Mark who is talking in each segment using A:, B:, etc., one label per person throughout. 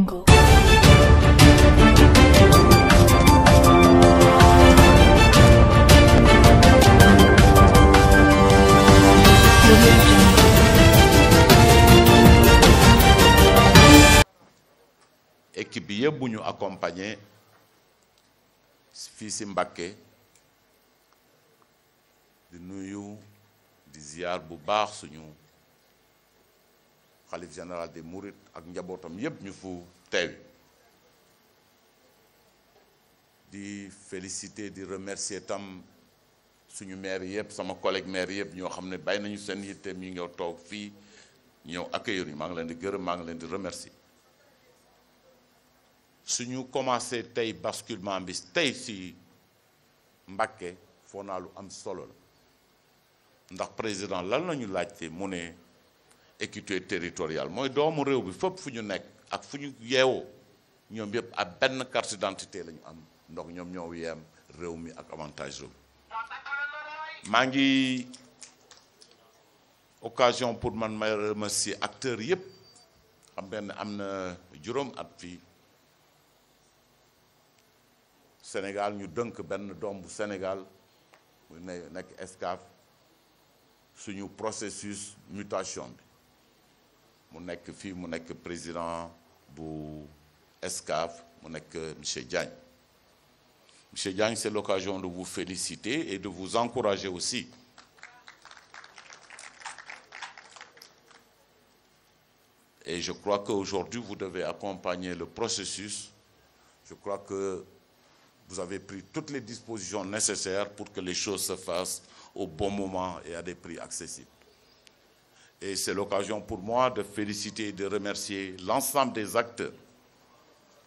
A: ekip équipe yëpp bu ñu accompagner fii si Mbacké di nuyu di ziar bu baax suñu xalif général des murit ak njabootam yépp ñu fu teewi di féliciter di remercier tam suñu maire yëpp sama collègue maire yëpp ñoo xam ne bàyyi nañu seen yitteem ñu ñëw toog fii ñëw ak accueillir yi maa ngi leen di gërëm maa ngi leen di remercier suñu commencé tey basculement bi tey si mbakke foo naa lu am solo la ndax président lan la laaj laajte mu ne équité territoriale mooy doomu réew bi fépp fu ñu nekk ak fu ñu yeewoo ñoom yëpp ak benn carte d'identité la am ndox ñoom ñoo yeem réew mi ak avantage réew maa ngi occasion pour man may remercier acteur yëpp xam ngeen ne am na juróom at fii Sénégal ñu dënk benn doom bu Sénégal mu ne nekk Excaf suñu processus mutation bi mu nekk fii mu nekk président bu Excaf mu nekk monsieur Diagne monsieur Diagne c'est l'occasion de vous féliciter et de vous encourager aussi et je crois qu'aujourd'hui vous devez accompagner le processus je crois que vous avez pris toutes les dispositions nécessaires pour que les choses se fassent au bon moment et à des prix accessibles Et c'est l'occasion pour moi de féliciter et de remercier l'ensemble des acteurs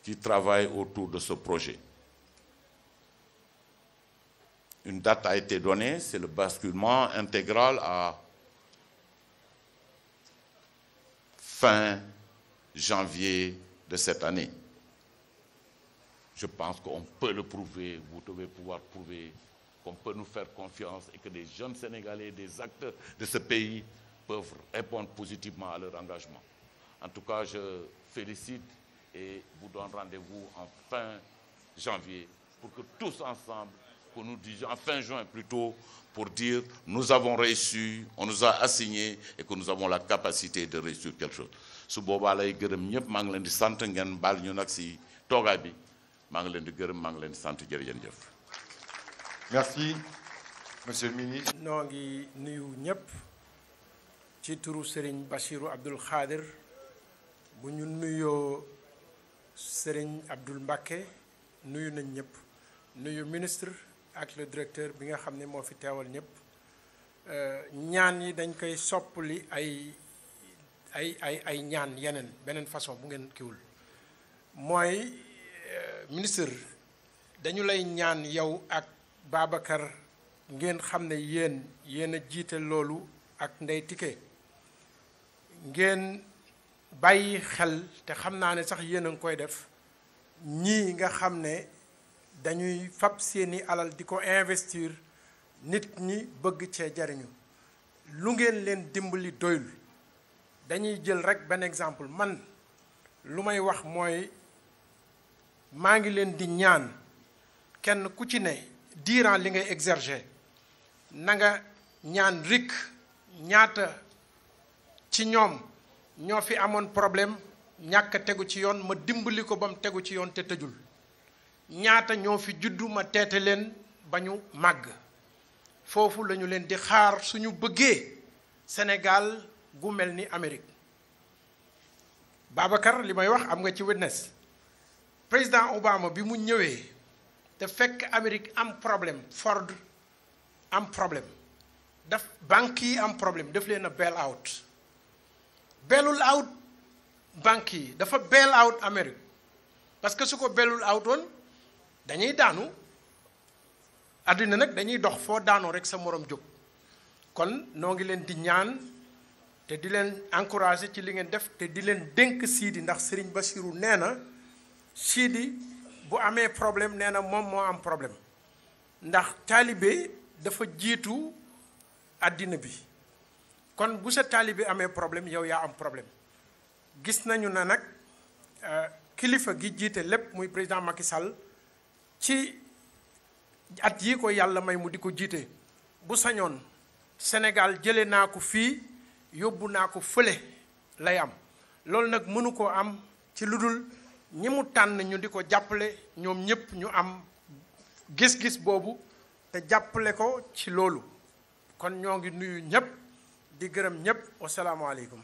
A: qui travaillent autour de ce projet. Une date a été donnée, c'est le basculement intégral à fin janvier de cette année. Je pense qu'on peut le prouver, vous devez pouvoir prouver qu'on peut nous faire confiance et que des jeunes Sénégalais, des acteurs de ce pays peuvent répondre positivement à leur engagement. En tout cas, je félicite et vous donne rendez-vous en fin janvier pour que tous ensemble, que nous disions, en fin juin plutôt, pour dire nous avons réussi, on nous a assigné et que nous avons la capacité de réussir quelque chose. su boobaa lay gërëm ñëpp maa ngi leen di sant ngeen baal ñu nag si toogaay bi maa ngi leen di gërëm maa ngi leen di sant jërëjëf. merci monsieur
B: le ci turu sëriñ Bachiru Abdul Xaadir bu ñu nuyoo sëriñ Abdul Mbàkke nuyu nañ ñëpp nuyu ministre ak le directeur bi nga xam ne moo fi teewal ñëpp euh, ñaan yi dañ koy soppali ay ay ay ay ñaan yeneen beneen façon bu ngeen kiwul mooy euh, ministre dañu lay ñaan yow ak Babacar ngeen xam ne yéen yéen a jiite loolu ak Ndeye Tické ngeen bàyyi xel te xam naa ne sax yéen a ngi koy def ñii nga xam ne dañuy fab seeni alal di ko investir nit ñi bëgg cee jariñu lu ngeen leen dimbali doyul dañuy jël rek benn exemple man lu may wax mooy maa ngi leen di ñaan kenn ku ci ne diiran li ngay exercer nanga ñaan rikk ñaata ci ñoom ñoo fi amoon problème ñàkk tegu ci yoon ma dimbali ko bam tegu ci yoon te tëjul ñaata ñoo fi juddu ma teete leen ba ñu màgg foofu lañu leen di xaar suñu bëggee Sénégal gu mel ni Amérique Babacar li may wax am nga ci witness président Obama bi mu ñëwee te fekk Amérique am problème Ford am problème daf banque yi am problème daf leen a bail out belul out banque yi dafa bel out Amérique parce que su ko belul out woon dañuy daanu àddina nag dañuy dox foo daanoo rek sa moroom jóg kon noo ngi leen di ñaan te di leen encourager ci li ngeen def te di leen dénk Sidi ndax Serigne Bassirou nee na Sidi bu amee problème nee na moom moo am problème ndax taalibe dafa jiitu àddina bi kon bu sa taalibe amee problème yow yaa am problème gis nañu na nag euh, kilifa gi jiite lépp muy président Macky Sall ci at yi ko yàlla may mu di ko jiite bu sañoon Sénégal jële naa ko fii yóbbu naa ko fële lay am loolu nag mënu koo am ci lu dul ñi mu tànn ñu di ko jàppale ñoom ñépp ñu am gis-gis boobu te jàppale ko ci loolu kon ñoo ngi nuyu ñépp di gërëm
A: ñëpp wasalaamaaleykum